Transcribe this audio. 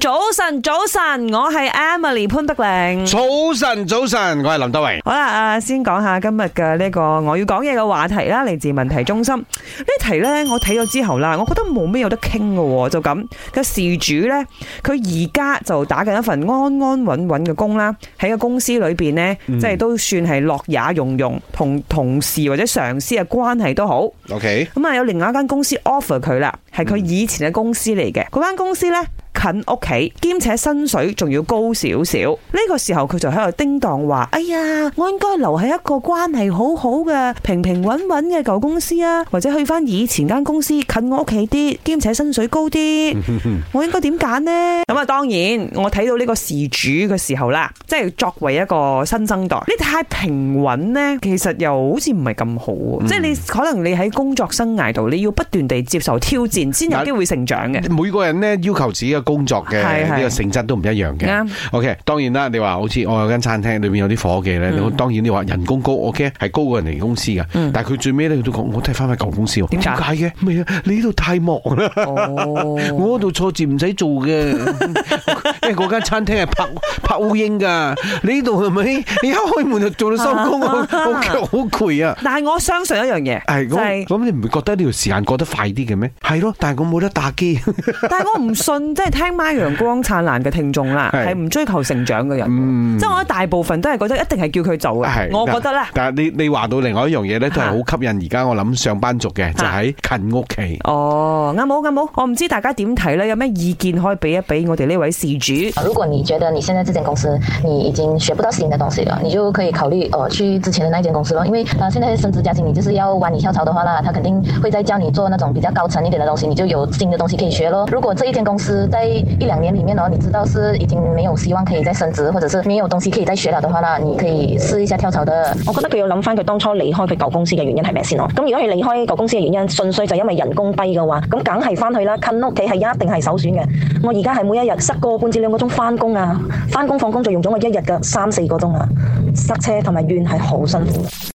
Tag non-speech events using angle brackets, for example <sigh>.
早晨，早晨，我係 Emily 潘德玲。早晨，早晨，我係林德榮。好啦，阿先講下今日嘅呢個我要講嘢嘅話題啦，嚟自問題中心呢題呢，我睇咗之後啦，我覺得冇咩有得傾嘅，就咁個事主呢，佢而家就打緊一份安安穩穩嘅工啦，喺個公司裏邊呢，即係都算係樂也融融，同同事或者上司嘅關係都好。OK，咁啊有另外一間公司 offer 佢啦，係佢以前嘅公司嚟嘅，嗰、嗯、間公司呢。近屋企，兼且薪水仲要高少少。呢個時候佢就喺度叮當話，哎呀，我應該留喺一個關係好好嘅、平平穩穩嘅舊公司啊，或者去翻以前間公司近我屋企啲，兼且薪水高啲。我應該點揀呢？咁啊，當然我睇到呢個事主嘅時候啦，即係作為一個新生代，你太平穩呢，其實又好似唔係咁好。嗯、即係你可能你喺工作生涯度，你要不斷地接受挑戰，先有機會成長嘅。每個人呢，要求自己嘅工作嘅呢個性質都唔一樣嘅。O K，當然啦，你話好似我有間餐廳，裏面有啲伙計咧，嗯、當然你話人工高，O K 係高過人哋公司噶。但係佢最尾咧，佢都講，我都係翻翻舊公司。點解嘅？係啊，點解？點解？因為你呢度太忙啦，哦。我嗰度錯字唔使做嘅。誒，嗰間餐廳係拍。投影噶， <laughs> 你呢度係咪？你一開門就做到收工啊，好 <laughs> 攰啊！但係我相信一樣嘢，係、就、咁、是，你唔會覺得呢段時間過得快啲嘅咩？係、就、咯、是，但係我冇得打機。但係我唔信，即 <laughs> 係聽，媽媽聽《MY 陽光燦爛》嘅聽眾啦，係唔追求成長嘅人，即、嗯、係我覺得大部分都係覺得一定係叫佢做嘅。我覺得咧。但係你你話到另外一樣嘢咧，都係好吸引。而家我諗上班族嘅 <laughs> 就喺近屋企。哦，啱好啱好，我唔知大家點睇咧，有咩意見可以俾一俾我哋呢位事主。如果你覺得你現在公司你已經學不到新的東西了，你就可以考慮、哦、去之前的那間公司咯，因為佢現在升職加薪，你就是要玩你跳槽嘅話啦，他肯定會再教你做那種比較高層一點的東西，你就有新嘅東西可以學咯。如果這一間公司在一兩年裏面呢，你知道是已經沒有希望可以再升職，或者是沒有東西可以再學啦嘅話呢，你可以試一下跳槽的。我覺得佢要諗翻佢當初離開佢舊公司嘅原因係咩先咯。咁如果佢離開舊公司嘅原因，純粹就因為人工低嘅話，咁梗係翻去啦，近屋企係一定係首選嘅。我而家係每一日塞個半至兩個鐘翻工啊，翻。返工放工用咗我一日嘅三四個鐘啊，塞車同埋怨係好辛苦。